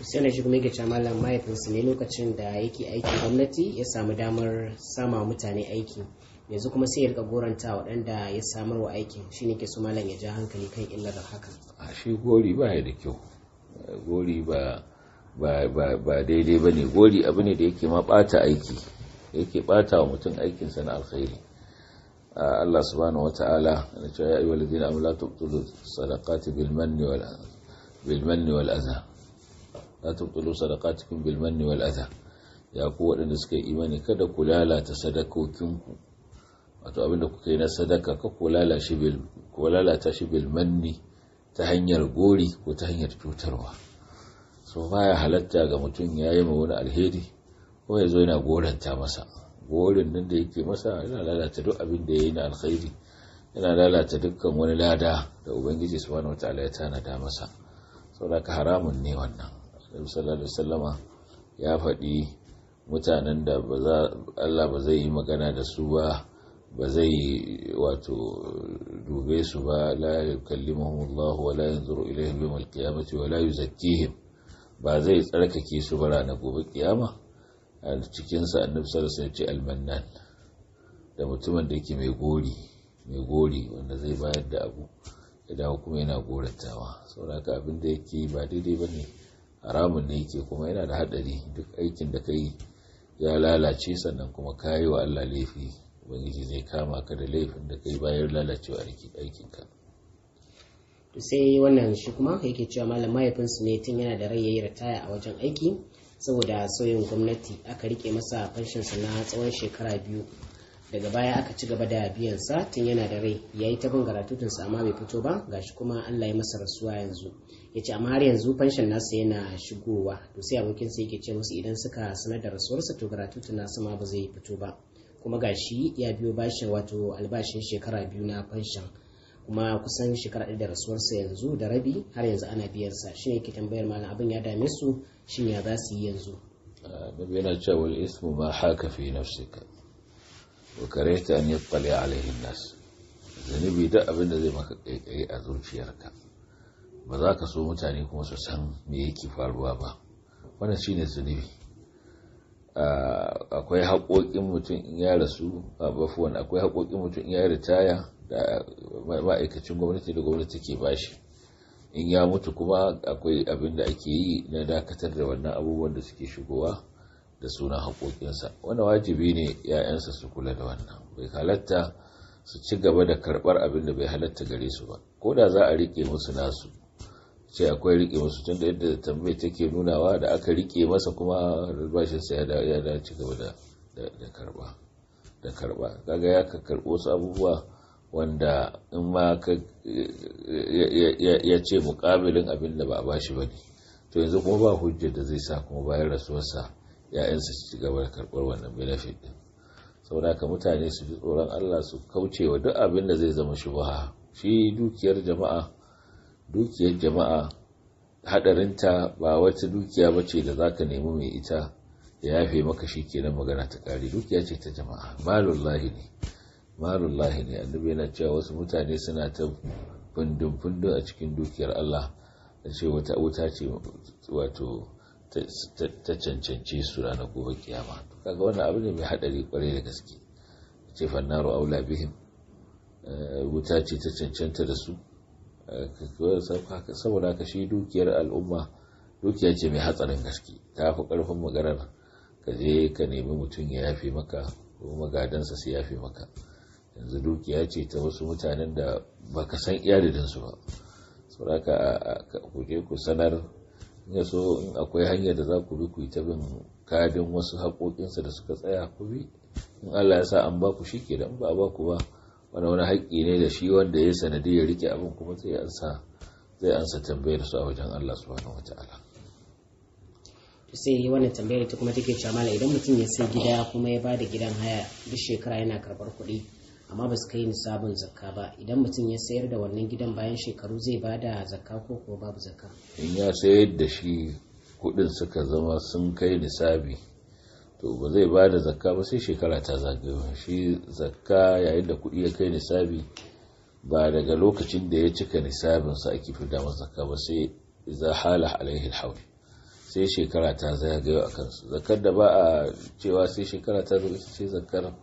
sai na shi kuma yake malam mahaifinsa ne lokacin da yake aiki gwamnati ya samu damar sama mutane aiki yanzu kuma sai ya rika goranta waɗanda ya samar wa aikin shi ne ke malam ya ja hankali kan illar hakan a shi gori ba ya da kyau gori ba ba daidai ba ne gori abu ne da yake ma ɓata aiki yake ɓata wa mutum aikinsa na alkhairi Allah subhanahu wata'ala da cewa ya yi wa amanu la tubtilu sadaqati bil wal bil ya ku waɗanda suka yi imani kada ku lalata sadakokinku wato abinda kuka yi na sadaka ka ku lalata shi bilmanni ta hanyar gori ko ta hanyar cutarwa so ya halatta ga mutum ya yi ma wani alheri ko ya zo yana goranta masa gorin nan da yake masa yana lalata duk abin da ya yi na alkhairi yana lalata dukkan wani lada da ubangiji subhanahu wataala ya tanada masa saboda ka haramun ne wannan annabi sallallahu alaihi wasallama ya faɗi mutanen da Allah ba zai yi magana da su ba ba zai wato dube su ba la yukallimuhum Allah wa la yanzuru ilayhim yawm al-qiyamati wa la yuzakkihim ba zai tsarkake su ba ranar gobe kiyama a cikinsa annabi sallallahu ya ce almannan da mutumin da yake mai gori mai gori wanda zai bayar da abu ya dawo kuma yana goratawa saboda abin da yake ba daidai ba ne haramun ne yake kuma yana da haɗari duk aikin da kai ya lalace sannan kuma ka yi wa Allah laifi ubangiji zai kama ka da laifin da kai bayan lalacewa aikinka ka. sai wannan shi kuma yake cewa malam mahaifinsu ne tun yana da rai yayi ritaya a wajen aiki saboda sauyin gwamnati aka rike masa fanshinsa na tsawon shekara biyu daga baya aka ci gaba da biyan sa tun yana da rai ya yi ta bin garatutunsa amma bai fito ba gashi kuma allah ya masa rasuwa yanzu ya ce amma har yanzu fanshin nasa yana shigowa to sai abokinsa yake ce musu idan suka sanar da rasuwarsa to garatutun nasa ma ba zai fito ba kuma gashi ya biyo bashin wato albashin shekara biyu na fanshin kuma kusan shekara ɗaya da rasuwarsa yanzu da rabi har yanzu ana sa shi ne ke tambayar malam abin ya dame su shi ya za su yi yanzu babu yana cewa wal ismu ma haka fi nafsika wa kareta an yattali alaihi nas zanibi duk abin da zai maka kaikai a zuciyarka ba za ka so mutane kuma su san me yake faruwa ba wannan shine zanibi akwai haƙoƙin mutum in ya rasu bafuwan akwai haƙoƙin mutum in ya ritaya da ma'aikacin gwamnati da gwamnati ke bashi in ya mutu kuma akwai abin da ake yi na dakatar da wannan abubuwan da suke shigowa da suna haƙoƙinsa wani wajibi ne 'ya'yansa su kula da wannan bai halatta su ci gaba da karɓar abin da bai halatta gare su ba ko da za a riƙe musu nasu ce akwai riƙe musu tun da yadda tambayi take nunawa da aka riƙe masa kuma albashinsa ya da ci gaba da karɓa da ga ya karɓo su abubuwa wanda in ma ka ya ce mukabilin abin da ba a bashi ba ne to yanzu kuma ba hujjar da zai sa kuma bayan rasuwarsa ya'yansa su ci gaba da karɓar wannan benefit din saboda ka mutane su fi tsoron Allah su kauce wa duk abin da zai zama shubha shi dukiyar jama'a dukiyar jama'a hadarinta ba wata dukiya ba ce da za ka nemi mai ita ya yafe maka shi kenan magana ta kare dukiya ce ta jama'a malullahi ne malullahi ne annabi yana cewa wasu mutane suna ta fundun-fundun a cikin dukiyar Allah da ce wata wuta ce wato ta cancance su ranar gobe kiyama to kaga wannan abu ne mai hadari kwarai da gaske ce fannaru aula bihim eh, wuta ce ta cancanta da su eh, saboda ka shi dukiyar al'umma dukiya ce mai hatsarin gaske ta fi karfin maganar ka je ka nemi mutum ya yafe maka ko magadansa su yafe maka yanzu dukiya ce ta wasu mutanen da ba ka san dinsu ba saboda a kuke ku sanar ya so in akwai hanyar da za ku bi ku yi ta bin kadin wasu haƙoƙinsa da suka tsaya ku bi in Allah ya sa an ba ku shi ke da ba ba ku ba wani wani haƙƙi ne da shi wanda ya sanadi ya rike abin kuma zai ansa zai tambayar su a wajen Allah wata ala. sai wannan tambayar ta kuma take cewa idan mutum ya sai gida kuma ya bada gidan haya duk shekara yana karɓar kuɗi amma ba su kai nisabin zakka ba idan mutum ya sayar da wannan gidan bayan shekaru zai ba da zakka ko kuwa babu zakka in ya sayar da shi kudin suka zama sun kai nisabi to ba zai ba da zakka ba sai shekara ta zagayo shi zakka yayin da kudi ya kai nisabi ba daga lokacin da ya cika nisabinsa ake fi masa zakka ba sai za hala alaihi alhawl sai shekara ta zagayo a kansu zakkar da ba a cewa sai shekara ta zagayo sai zakkar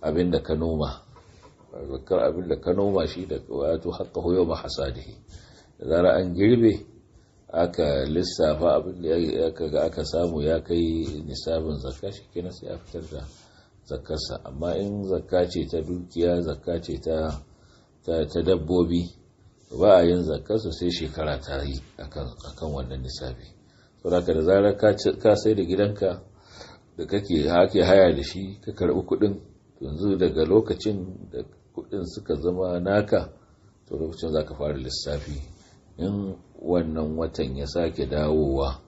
abin da ka noma zakar abin da ka noma shi da wato haka hoyo ba hasadihi da zara an girbe aka lissafa abin da aka ga aka samu ya kai nisabin zakka shi kenan sai a fitar da zakkarsa amma in zakka ce ta dukiya zakka ce ta dabbobi ba a yin zakkarsa sai shekara ta yi akan wannan nisabi saboda da zarar ka sai da gidanka da kake haya da shi ka karbi kuɗin yanzu daga lokacin da kuɗin suka zama naka to lokacin za ka fara lissafi in wannan watan ya sake dawowa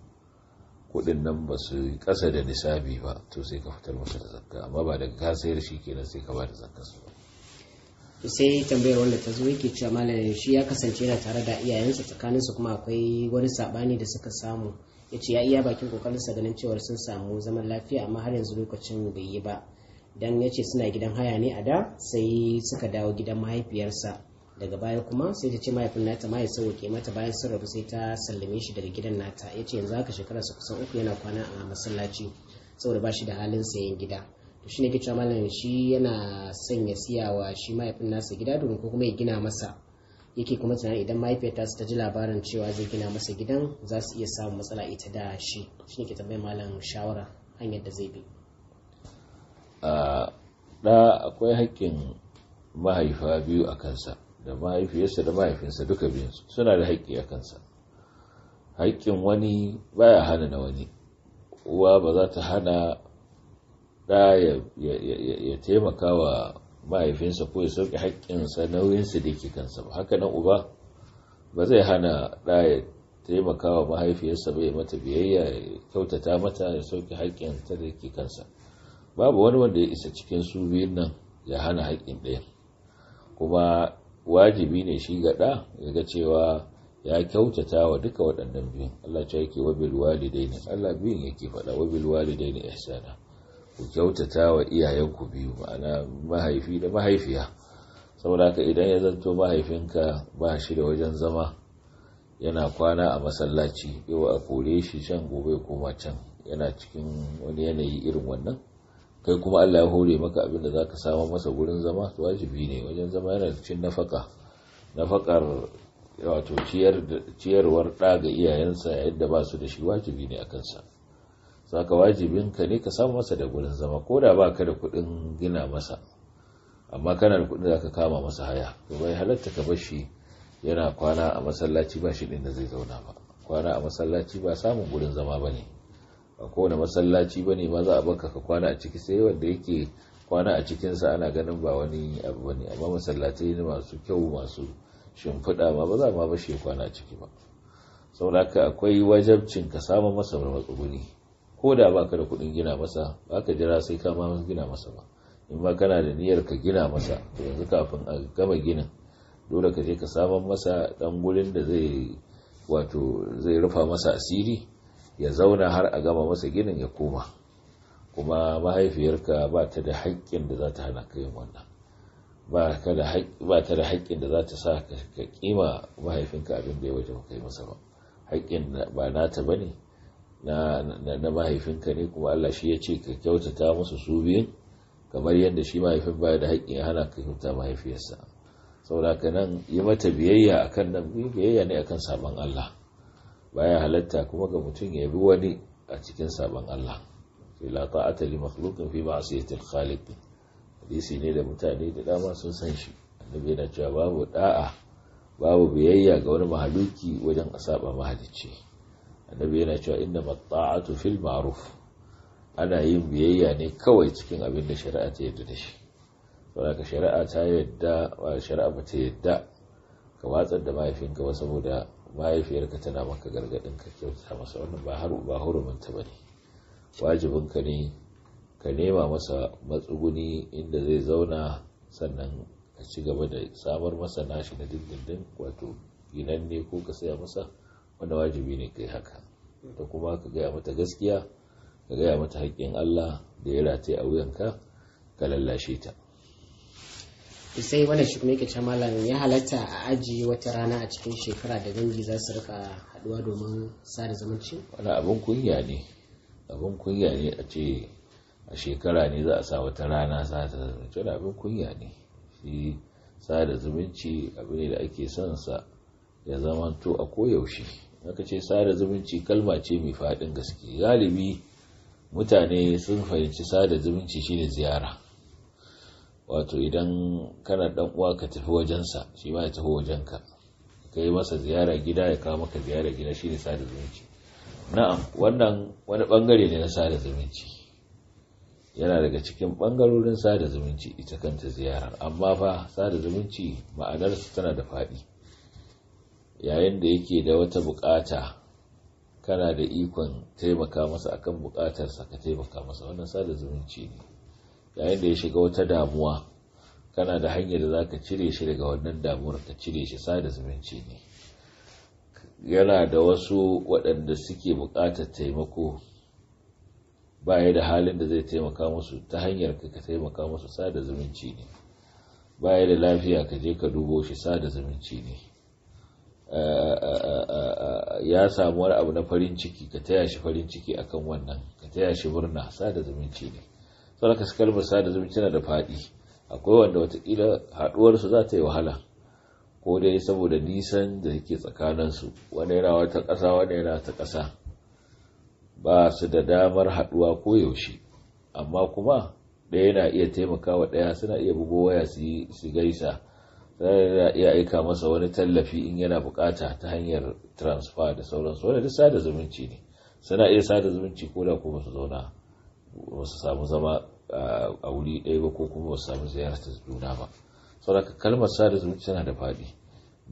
kuɗin nan ba su yi ƙasa da nisabi ba to sai ka fitar masa da zakka amma ba daga kasayar shi kenan sai ka ba da zakka su sai tambayar wanda ta zo yake cewa malam shi ya kasance yana tare da iyayensa tsakanin su kuma akwai wani sabani da suka samu ya ce ya iya bakin kokarin sa ganin cewar sun samu zaman lafiya amma har yanzu lokacin bai yi ba dan ya ce suna gidan haya ne a da sai suka dawo gidan mahaifiyarsa daga baya kuma sai ta ce mahaifin nata ma ya sauke mata bayan sun rabu sai ta sallame shi daga gidan nata ya ce yanzu haka su kusan uku yana kwana a masallaci saboda ba shi da halin sayan gida to shi ne ke cewa malam shi yana son ya siya wa shi mahaifin nasa gida domin ko kuma ya gina masa yake kuma tunanin idan mahaifiyarta ta ji labarin cewa zai gina masa gidan za su iya samun matsala ita da shi shi ne ke tambayar malam shawara hanyar da zai bi a ɗa akwai haƙƙin mahaifa biyu a kansa da mahaifiyarsa da mahaifinsa duka biyunsu suna da haƙƙi a kansa haƙƙin wani baya hana na wani uwa ba za ta hana ɗa ya taimaka wa mahaifinsa ko ya sauke haƙƙinsa nauyinsa da ke kansa ba haka nan uba ba zai hana ɗa ya taimaka wa mahaifiyarsa ya mata biyayya ya kyautata mata ya sauke haƙƙinta da ke kansa babu wani wanda ya isa cikin su biyun nan ya hana haƙƙin ɗaya kuma wajibi ne shi gaɗa ya ga cewa ya kyautata wa duka waɗannan biyun Allah ce yake wa bil walidaini Allah biyun yake faɗa wa bil walidaini ihsana ku kyautata wa iyayenku biyu ma'ana mahaifi da mahaifiya saboda haka idan ya zanto mahaifinka ba shi da wajen zama yana kwana a masallaci yau a kore shi shan gobe koma can yana cikin wani yanayi irin wannan kai kuma Allah ya hore maka abin da za ka samu masa gurin zama to wajibi ne wajen zama yana cikin nafaka nafakar wato ciyar ciyarwar da ga iyayensa yayin da ba su da shi wajibi ne a kansa saka wajibin ka ne ka samu masa da gurin zama ko da ka da kuɗin gina masa amma kana da kuɗin zaka kama masa haya to bai halatta ka bar shi yana kwana a masallaci ba shi din da zai zauna ba kwana a masallaci ba samun gurin zama bane ba kowane masallaci ba ne ma za a baka ka kwana a ciki sai wanda yake kwana a cikinsa ana ganin ba wani abu ba ne amma masallaci ne masu kyau masu shimfiɗa ma ba za ma ba shi kwana a ciki ba saboda haka akwai wajabcin ka samu masa matsuguni ko da ba ka da kuɗin gina masa ba ka jira sai ka ma gina masa ba in ma kana da niyyar ka gina masa to yanzu kafin a gama ginin dole ka je ka samun masa ɗan gurin da zai wato zai rufa masa asiri ya zauna har a gama masa ginin ya koma kuma mahaifiyarka ba ta da haƙƙin da za ta hana ka yin wannan ba ta da haƙƙin da za ta sa ka ƙima mahaifinka abin da ya waje ka yi masa ba haƙƙin ba nata ba ne na mahaifinka ne kuma Allah shi ya ce ka kyautata musu su biyun kamar yadda shi mahaifin baya da haƙƙin ya hana ka kyauta mahaifiyarsa saboda ka nan yi mata biyayya akan nan biyayya ne akan sabon Allah baya halatta kuma ga mutum ya bi wani a cikin sabon Allah sai la ta'ata li makhluqin fi ma'siyati khaliq hadisi ne da mutane da dama sun san shi annabi yana cewa babu da'a babu biyayya ga wani mahaluki wajen saba mahalicci annabi yana cewa inna mata'atu fil ma'ruf ana yin biyayya ne kawai cikin abin da shari'a ta yarda da shi saboda shari'a ta yarda shari'a ba ta yarda ka watsar da mahaifinka ba saboda mahaifiyarka tana maka gargadin ka kyauta masa wannan ba har ba ne bane wajibin ka ne ka nema masa matsuguni inda zai zauna sannan ka ci gaba da samar masa nashi na dindindin wato ginan ne ko ka saya masa wanda wajibi ne kai haka Ta kuma ka gaya mata gaskiya ka gaya mata haƙƙin Allah da ya rataye a wuyanka ka lallashe ta sai wani shi kuma yake can malam ya halatta a ajiye wata rana a cikin shekara da dangi za su rika haduwa domin sada zumunci wani abin kunya ne abin kunya ne a ce a shekara ne za a sa wata rana sada zamanci wani abin kunya ne shi sada zumunci abu ne da ake son sa ya zama to a koyaushe aka ce sada zumunci kalma ce mai faɗin gaske galibi mutane sun fahimci sada zumunci shine ziyara wato idan kana dan uwa ka tafi wajensa shi ma ya tafi wajen ka yi masa ziyara gida ya kawo maka ziyara gida shine sada zumunci na'am wannan wani bangare ne na sada zumunci yana daga cikin bangarorin sada zumunci ita kanta ziyara amma fa sada zumunci ma'anarsa tana da faɗi yayin da yake da wata bukata kana da ikon taimaka masa akan bukatarsa ka taimaka masa wannan sada zumunci ne yayin da ya shiga wata damuwa kana da hanyar da za ka cire shi daga wannan damuwar ka cire shi sada zumunci ne yana da wasu waɗanda suke buƙatar taimako baya da halin da zai taimaka musu ta hanyar ka ka taimaka musu sada zumunci ne baya da lafiya ka je ka dubo shi sada zumunci ne eh, eh, eh, ya samu abu na farin ciki ka taya shi farin ciki akan wannan ka taya shi murna sada zumunci ne saboda ka kalmar sada zumunci na da faɗi akwai wanda watakila haɗuwarsu za ta yi wahala ko dai saboda nisan da yake tsakaninsu wani yana wata ƙasa wani yana ta kasa ba su da damar haɗuwa ko yaushe amma kuma ɗaya yana iya taimakawa ɗaya suna iya bugo waya su gaisa da iya aika masa wani tallafi in yana bukata ta hanyar transfer da sauransu wani duk sada zumunci ne suna iya sada zumunci ko da kuma su zauna ba su samu zama a wuri ɗaya ba ko kuma ba su samu ziyartar juna ba ka kalmar sada zumunci tana da faɗi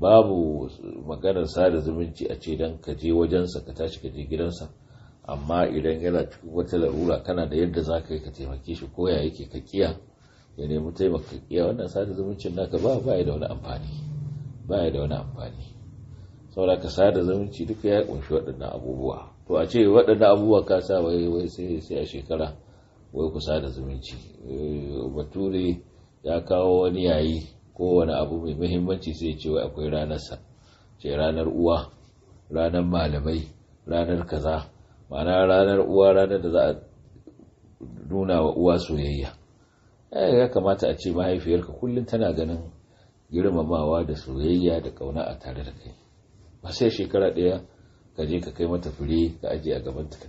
babu maganar sada zumunci a ce dan ka je wajensa ka tashi ka je gidansa amma idan yana cikin wata larura kana da yadda za ka yi ka taimake shi ko ya yake ka kiya ya nemi taimaka kiya wannan sada zumuncin naka ba ba ya da wani amfani ba ya da wani amfani saboda ka sada zumunci duka ya kunshi waɗannan abubuwa to a ce waɗanda abubuwa ka sa wai wai sai sai a shekara wai kusa da zumunci eh, bature ya kawo wani yayi ko wani abu mai muhimmanci sai ce wai akwai ranarsa ce ranar uwa ranar malamai ranar kaza ma'ana ranar uwa ranar da za a nuna wa uwa soyayya eh, ya kamata a ce mahaifiyarka kullum tana ganin girmamawa da soyayya da kauna a tare da kai ba sai shekara ɗaya ka je ka kai mata fure ka ajiye a gabanta ka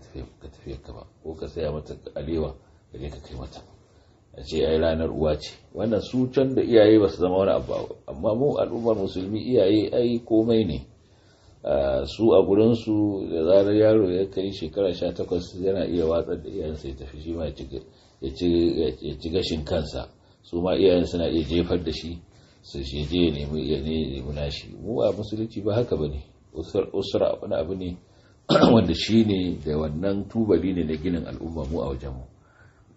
tafi ka ba ko ka saya mata alewa ka je ka kai mata a ce ai ranar uwa ce wannan su can da iyaye ba su zama wani abu amma mu al'ummar musulmi iyaye ai komai ne su a gurin su da zarar yaro ya kai shekara sha takwas yana iya watsar da iyayensa ya tafi shi ma ya ci gashin kansa su ma iyayen suna iya jefar da shi su je ya nemi nashi mu a musulunci ba haka ba ne usra wani abu ne wanda shi ne da wannan tubali ne na ginin al'umma mu a wajenmu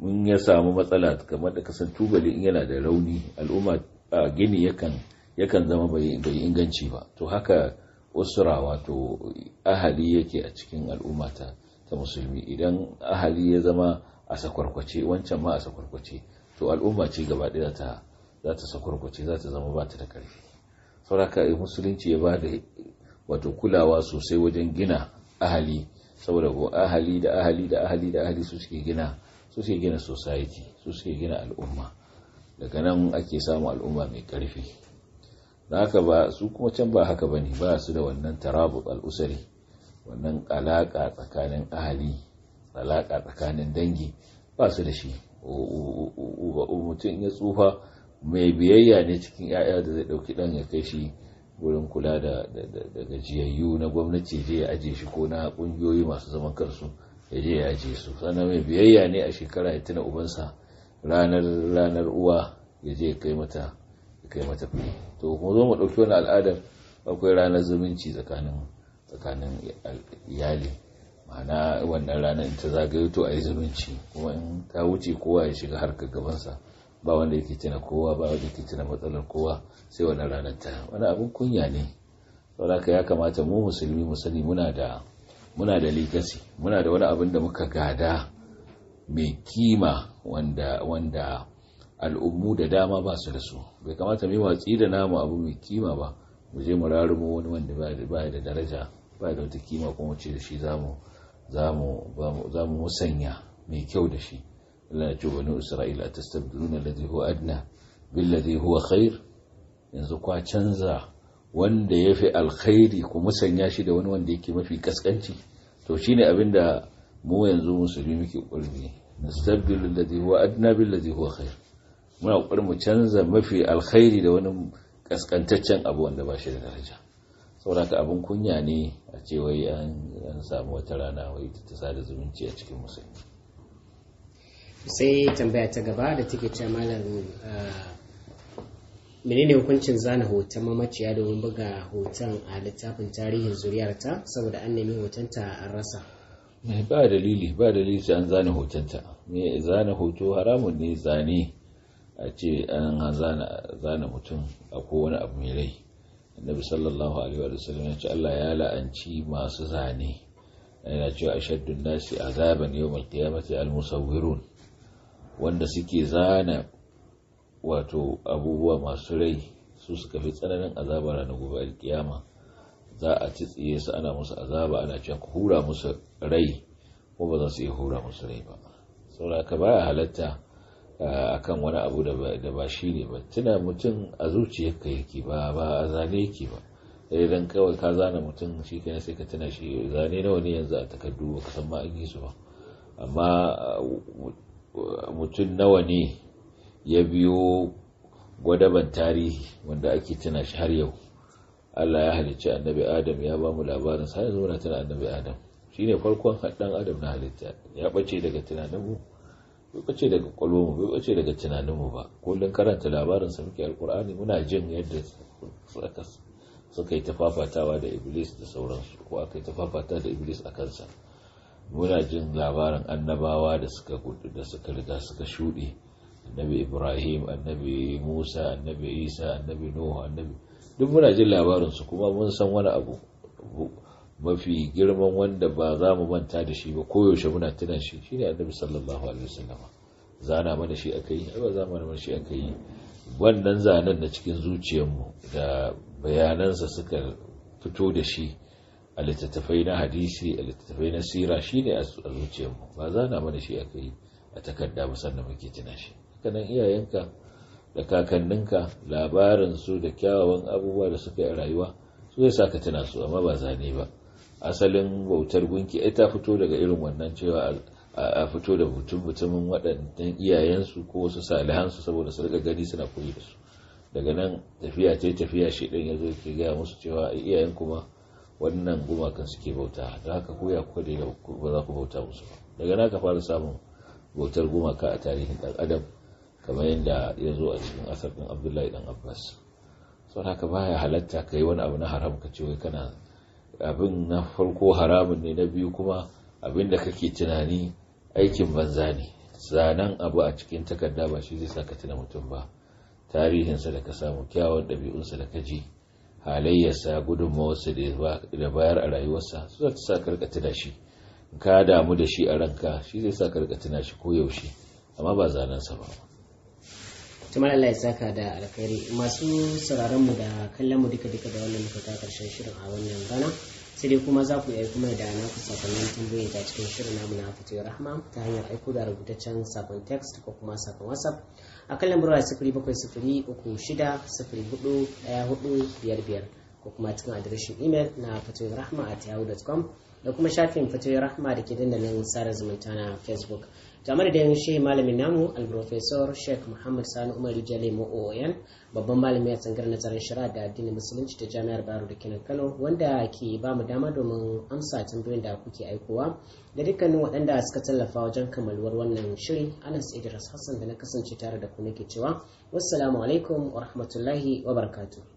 mun ya samu matsala kamar da kasan tubali in yana da rauni al'umma gini yakan zama bai inganci ba to haka usra wato ahali yake a cikin al'umma ta ta musulmi idan ahali ya zama a sakwarkwace wancan ma a sakwarkwace to al'umma ce gaba ɗaya za ta sakwarkwace za ta zama ba ta da ƙarfi sauraka musulunci ya ba da wato kulawa sosai wajen gina ahali saboda ko ahali da ahali da ahali da ahali su suke gina su suke gina society su suke gina al'umma daga nan ake samu al'umma mai karfi da haka ba su kuma can ba haka ba ne ba su da wannan tarabut al'usari wannan alaka tsakanin ahali alaka tsakanin dangi ba su da shi mutum ya tsufa mai biyayya ne cikin 'ya'ya da zai ɗauki ɗan ya kai shi wurin kula da gajiyayyu na gwamnati je ya ajiye shi ko na ƙungiyoyi masu zaman kansu ya je ya aje su sannan mai biyayya ne a shekara ya tuna ubansa ranar uwa ya je ya kai mata ya to kuma zo mu ɗauki wani al'adar akwai ranar zumunci tsakanin tsakanin iyali ma'ana wannan ranar ta zagayo to a yi zumunci kuma in ta wuce kowa ya shiga harkar gabansa ba wanda yake tuna kowa ba wanda yake tuna matsalar kowa sai wannan ranar ta wani abin kunya ne saboda ya kamata mu musulmi mu sani muna da muna da legacy muna da wani abin da muka gada mai kima wanda wanda al'ummu da dama ba su da su bai kamata mu yi watsi da namu abu mai kima ba mu je mu rarumo wani wanda ba da daraja ba da wata kima kuma ce da shi zamu zamu zamu musanya mai kyau da shi Allah ya ce banu Isra'ila tastabdiluna alladhi huwa adna billadhi huwa khair yanzu kwa canza wanda yafi alkhairi ku musanya shi da wani wanda yake mafi kaskanci to shine abinda mu yanzu musulmi muke kurmi nastabdilu alladhi huwa adna billadhi huwa khair muna kokarin mu canza mafi alkhairi da wani kaskantaccen abu wanda ba shi da daraja saboda abin kunya ne a ce wai an samu wata rana wai ta sada zumunci a cikin musulmi sai tambaya ta gaba da take ce malam ah, menene hukuncin zana hoton mamaciya domin buga hoton a littafin tarihin zuriyarta saboda an nemi hotonta an rasa eh, ba dalili ba dalili sai an zana hotonta me zana hoto haramun ne zane a ce an zana mutum a kowane abu mai rai annabi sallallahu alaihi wa sallam ya ce Allah ya la'anci masu zane yana cewa ashaddun nasi azaban yawmal ya al-musawwirun wanda suke zana wato abubuwa masu rai su suka fi tsananin azaba ranar gobe alkiyama za a ci tsiye su ana musu azaba ana cewa ku hura musu rai ko ba za su iya hura musu rai ba saboda ka baya halatta akan wani abu da ba shi ne ba tuna mutum a ka yake ba ba a zane yake ba idan eh, kawai ka zana mutum shi kenan sai ka tuna shi zane nawa ne yanzu a takardu ba kasan san ma an yi su ba amma mutum nawa ne ya biyo gwadaban tarihi wanda ake tuna shi har yau Allah ya halicci annabi Adam ya ba mu labarin sai yanzu muna tuna annabi Adam shine farkon haddan Adam na halitta ya bace daga tunaninmu bai bace daga mu? bai bace daga tunaninmu ba kullun karanta labarin sa muke alkur'ani muna jin yadda suka yi tafafatawa da iblis da sauransu ko aka yi tafafata da iblis a kansa muna jin labarin annabawa da suka gudu da suka riga suka shuɗe annabi ibrahim annabi musa annabi isa annabi nuhu annabi duk muna jin labarinsu kuma mun san wani abu mafi girman wanda ba za mu manta da shi ba koyaushe muna tunan shi shine annabi sallallahu alaihi wasallama zana mana shi aka yi ba za mana shi aka yi wannan zanen da cikin zuciyarmu da bayanansa suka fito da shi a littattafai na hadisi a littattafai na sira shi ne a zuciyarmu ba za na mana shi aka yi a takarda ba sannan muke tuna shi kanan iyayenka da kakanninka labarin su da kyawawan abubuwa da suka yi a rayuwa su zai sa ka tuna su amma ba zane ba asalin bautar gunki ai ta fito daga irin wannan cewa a fito da mutum mutumin waɗannan iyayensu ko wasu salihansu saboda su rika gani suna koyi da su daga nan tafiya ce tafiya shi ɗin ya zo ke gaya musu cewa iyayen kuma wannan gumakan suke bauta da haka koya ko da ba za ku bauta musu ba daga naka fara samun bautar gumaka a tarihin dan adam kamar yadda ya zo a cikin asar din abdullahi dan abbas sau haka baya halatta ka yi wani abu na haram ka ce wai kana abin na farko haramun ne na biyu kuma abin da kake tunani aikin banza ne zanen abu a cikin takarda ba shi zai sa ka tuna mutum ba tarihinsa da ka samu kyawun ɗabi'unsa da ka ji halayyarsa gudunmawarsa da bayar a rayuwarsa su za ta sa karka tuna shi ka damu da shi a ranka shi zai sa karka tuna shi ko yaushe amma ba zanen sa ba tumar Allah ya saka da alkhairi masu sauraron mu da kallon mu duka duka da wannan muka ta karshen shirin a wannan rana sai dai kuma za ku yi kuma da na ku sakonnin tambayoyi ta cikin shirin namu na fito rahama ta hanyar aiko da rubutaccen sakon text ko kuma sakon whatsapp akan lambar waya sifiri bakwai sifiri uku shida sifiri hudu daya hudu biyar biyar ko kuma cikin adireshin imel na fatoyin rahama a yahoo.com da kuma shafin fatoyin rahama da ke dandalin sada zumunta na facebook kamar da yin shi malamin namu al sheik muhammad sani umar jale mo'oyan babban malami a tsangar nazarin shari'a da addinin musulunci ta jami'ar baro da kinan kano wanda ke ba mu dama domin amsa tambayoyin da kuke aikowa da dukkanin waɗanda suka tallafa wajen kammaluwar wannan shiri anas idris hassan da na kasance tare da ku nake cewa wassalamu alaikum wa rahmatullahi wa barakatuh